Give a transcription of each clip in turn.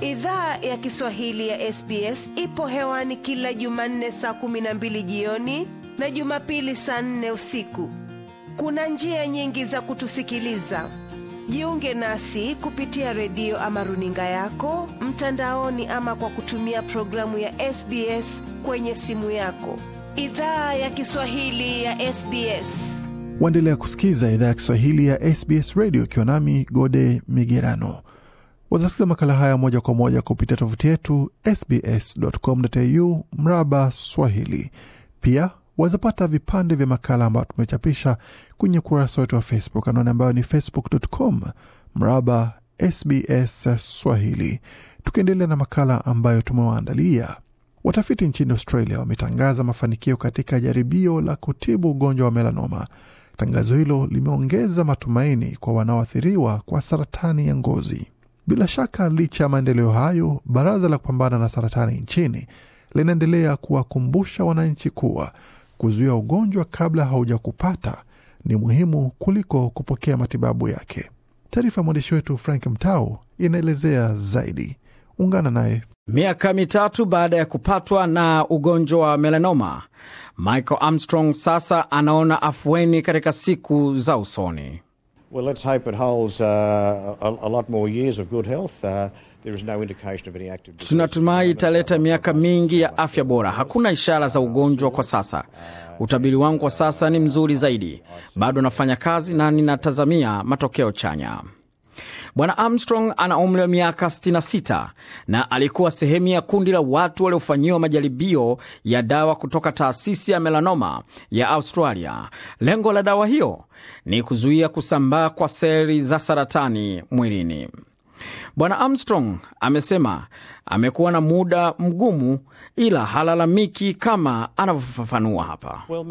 Idhaa ya Kiswahili ya SBS ipo hewani kila Jumanne saa kumi na mbili jioni na Jumapili saa nne usiku. Kuna njia nyingi za kutusikiliza. Jiunge nasi kupitia redio ama runinga yako mtandaoni, ama kwa kutumia programu ya SBS kwenye simu yako. Idhaa ya Kiswahili ya SBS waendelea kusikiza idhaa ya Kiswahili ya SBS redio, ukiwa nami Gode Migerano. Wazasikiza makala haya moja kwa moja kupitia tovuti yetu sbs.com.au mraba Swahili. Pia wazapata vipande vya makala ambayo tumechapisha kwenye ukurasa wetu wa Facebook, anwani ambayo ni facebook.com mraba SBS Swahili. Tukiendelea na makala ambayo tumewaandalia, watafiti nchini Australia wametangaza mafanikio katika jaribio la kutibu ugonjwa wa melanoma. Tangazo hilo limeongeza matumaini kwa wanaoathiriwa kwa saratani ya ngozi. Bila shaka, licha ya maendeleo hayo, baraza la kupambana na saratani nchini linaendelea kuwakumbusha wananchi kuwa kuzuia ugonjwa kabla haujakupata ni muhimu kuliko kupokea matibabu yake. Taarifa ya mwandishi wetu Frank Mtao inaelezea zaidi. Ungana naye. Miaka mitatu baada ya kupatwa na ugonjwa wa melanoma, Michael Armstrong sasa anaona afueni katika siku za usoni. Well, let's hope it holds uh, a, a lot more years of good health. Uh, there is no indication of any active disease. Tunatumai italeta miaka mingi ya afya bora. Hakuna ishara za ugonjwa kwa sasa. Utabiri wangu kwa sasa ni mzuri zaidi. Bado nafanya kazi na ninatazamia matokeo chanya. Bwana Armstrong ana umri wa miaka 66 na alikuwa sehemu ya kundi la watu waliofanyiwa majaribio ya dawa kutoka taasisi ya melanoma ya Australia. Lengo la dawa hiyo ni kuzuia kusambaa kwa seli za saratani mwilini. Bwana Armstrong amesema amekuwa na muda mgumu ila halalamiki, kama anavyofafanua hapa. Well,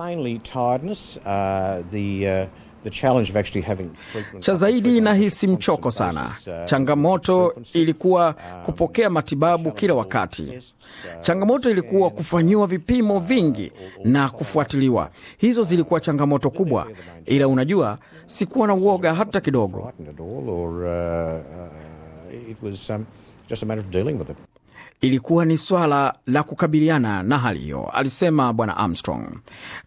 cha zaidi, nahisi mchoko sana. Uh, changamoto ilikuwa um, kupokea matibabu kila wakati. Uh, changamoto ilikuwa kufanyiwa vipimo vingi uh, na kufuatiliwa. Hizo zilikuwa changamoto kubwa, ila unajua, sikuwa na uoga hata kidogo ilikuwa ni swala la kukabiliana na hali hiyo, alisema Bwana Armstrong.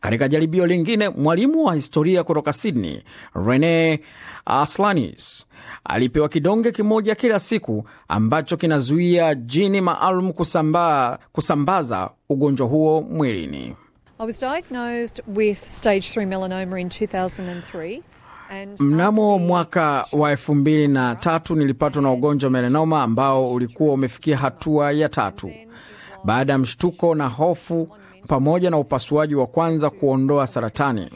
Katika jaribio lingine, mwalimu wa historia kutoka Sydney Rene Aslanis alipewa kidonge kimoja kila siku ambacho kinazuia jini maalum kusamba, kusambaza ugonjwa huo mwilini. I was diagnosed with stage 3 melanoma in 2003. Mnamo mwaka wa elfu mbili na tatu nilipatwa na ugonjwa melanoma ambao ulikuwa umefikia hatua ya tatu. Baada ya mshtuko na hofu pamoja na upasuaji wa kwanza kuondoa saratani,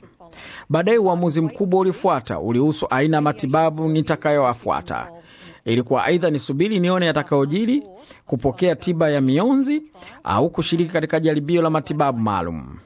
baadaye uamuzi mkubwa ulifuata, ulihusu aina ya matibabu nitakayoafuata. Ilikuwa aidha nisubiri nione yatakayojiri, kupokea tiba ya mionzi au kushiriki katika jaribio la matibabu maalum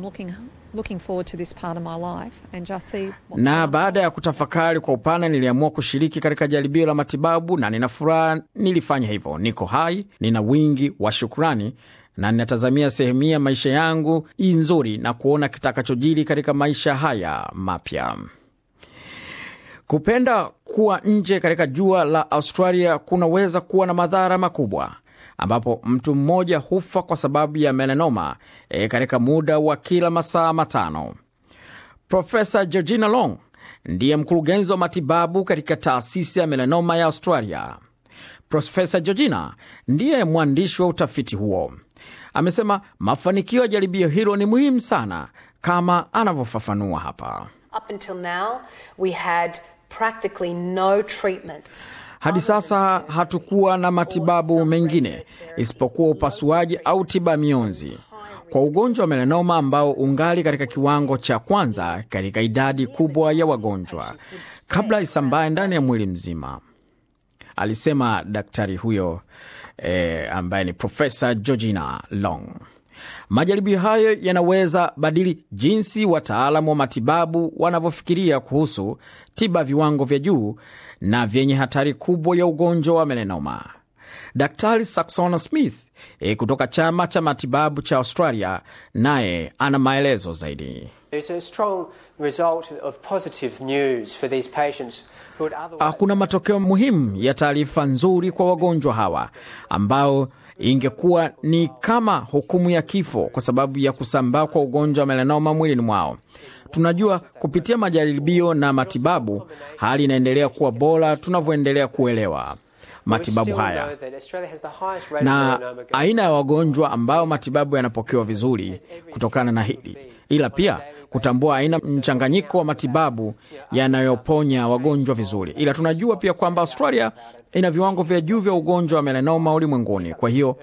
looking, looking forward to this part of my life and just see what... Na baada ya kutafakari kwa upana, niliamua kushiriki katika jaribio la matibabu na nina furaha nilifanya hivyo. Niko hai, nina wingi wa shukrani na ninatazamia sehemu ya maisha yangu i nzuri na kuona kitakachojiri katika maisha haya mapya. Kupenda kuwa nje katika jua la Australia kunaweza kuwa na madhara makubwa ambapo mtu mmoja hufa kwa sababu ya melanoma e, katika muda wa kila masaa matano. Profesa Georgina Long ndiye mkurugenzi wa matibabu katika taasisi ya melanoma ya Australia. Profesa Georgina ndiye mwandishi wa utafiti huo. Amesema mafanikio ya jaribio hilo ni muhimu sana, kama anavyofafanua hapa. Up until now, we had practically no treatments. Hadi sasa hatukuwa na matibabu mengine isipokuwa upasuaji au tiba mionzi kwa ugonjwa wa melanoma ambao ungali katika kiwango cha kwanza katika idadi kubwa ya wagonjwa kabla isambae ndani ya mwili mzima, alisema daktari huyo eh, ambaye ni Profesa Georgina Long. Majaribio hayo yanaweza badili jinsi wataalamu wa matibabu wanavyofikiria kuhusu tiba viwango vya juu na vyenye hatari kubwa ya ugonjwa wa melenoma Daktari saksona Smith e kutoka chama cha matibabu cha Australia naye ana maelezo zaidi. hakuna matokeo muhimu ya taarifa nzuri kwa wagonjwa hawa ambao ingekuwa ni kama hukumu ya kifo kwa sababu ya kusambaa kwa ugonjwa wa melanoma mwilini mwao. Tunajua kupitia majaribio na matibabu, hali inaendelea kuwa bora tunavyoendelea kuelewa matibabu haya na aina ya wagonjwa ambao matibabu yanapokewa vizuri kutokana na hili, ila pia kutambua aina mchanganyiko wa matibabu yanayoponya wagonjwa vizuri, ila tunajua pia kwamba Australia ina viwango vya juu vya ugonjwa wa melanoma ulimwenguni. Kwa hiyo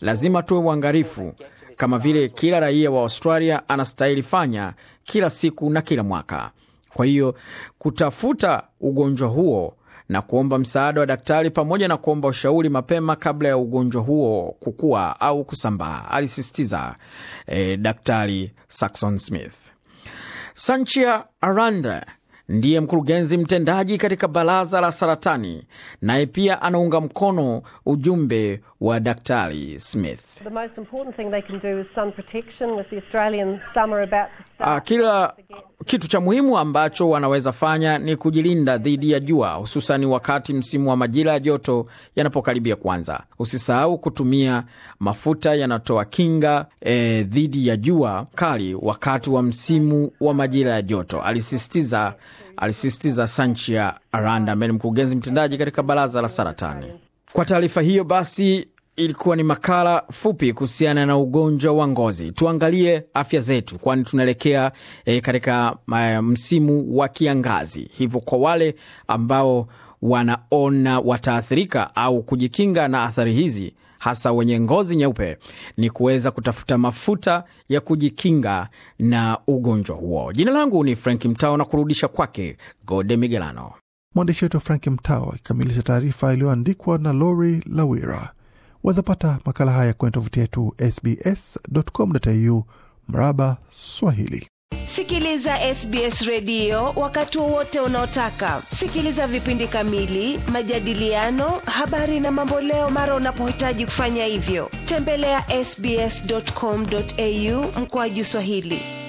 lazima tuwe uangarifu kama vile kila raia wa Australia anastahili fanya kila siku na kila mwaka. Kwa hiyo kutafuta ugonjwa huo na kuomba msaada wa daktari pamoja na kuomba ushauri mapema kabla ya ugonjwa huo kukua au kusambaa, alisisitiza eh, Daktari Saxon Smith. Sanchia Aranda ndiye mkurugenzi mtendaji katika baraza la saratani, naye pia anaunga mkono ujumbe wa Daktari Smith. Ah, kila kitu cha muhimu ambacho wanaweza fanya ni kujilinda dhidi ya jua, hususani wakati msimu wa majira ya joto yanapokaribia kwanza Usisahau kutumia mafuta yanatoa kinga e, dhidi ya jua kali wakati wa msimu wa majira ya joto, alisisitiza alisisitiza Sanchia Aranda ambaye ni mkurugenzi mtendaji katika baraza la saratani. Kwa taarifa hiyo basi ilikuwa ni makala fupi kuhusiana na ugonjwa wa ngozi. Tuangalie afya zetu, kwani tunaelekea e, katika eh, msimu wa kiangazi. Hivyo kwa wale ambao wanaona wataathirika au kujikinga na athari hizi hasa wenye ngozi nyeupe ni kuweza kutafuta mafuta ya kujikinga na ugonjwa huo. Jina langu ni Frank Mtao na kurudisha kwake Gode Migelano. Mwandishi wetu Frank Mtao akikamilisha taarifa iliyoandikwa na Lori Lawira wazapata makala haya kwenye tovuti yetu sbs.com.au mraba Swahili. Sikiliza SBS redio wakati wowote unaotaka. Sikiliza vipindi kamili, majadiliano, habari na mamboleo mara unapohitaji kufanya hivyo. Tembelea ya sbs.com.au Swahili.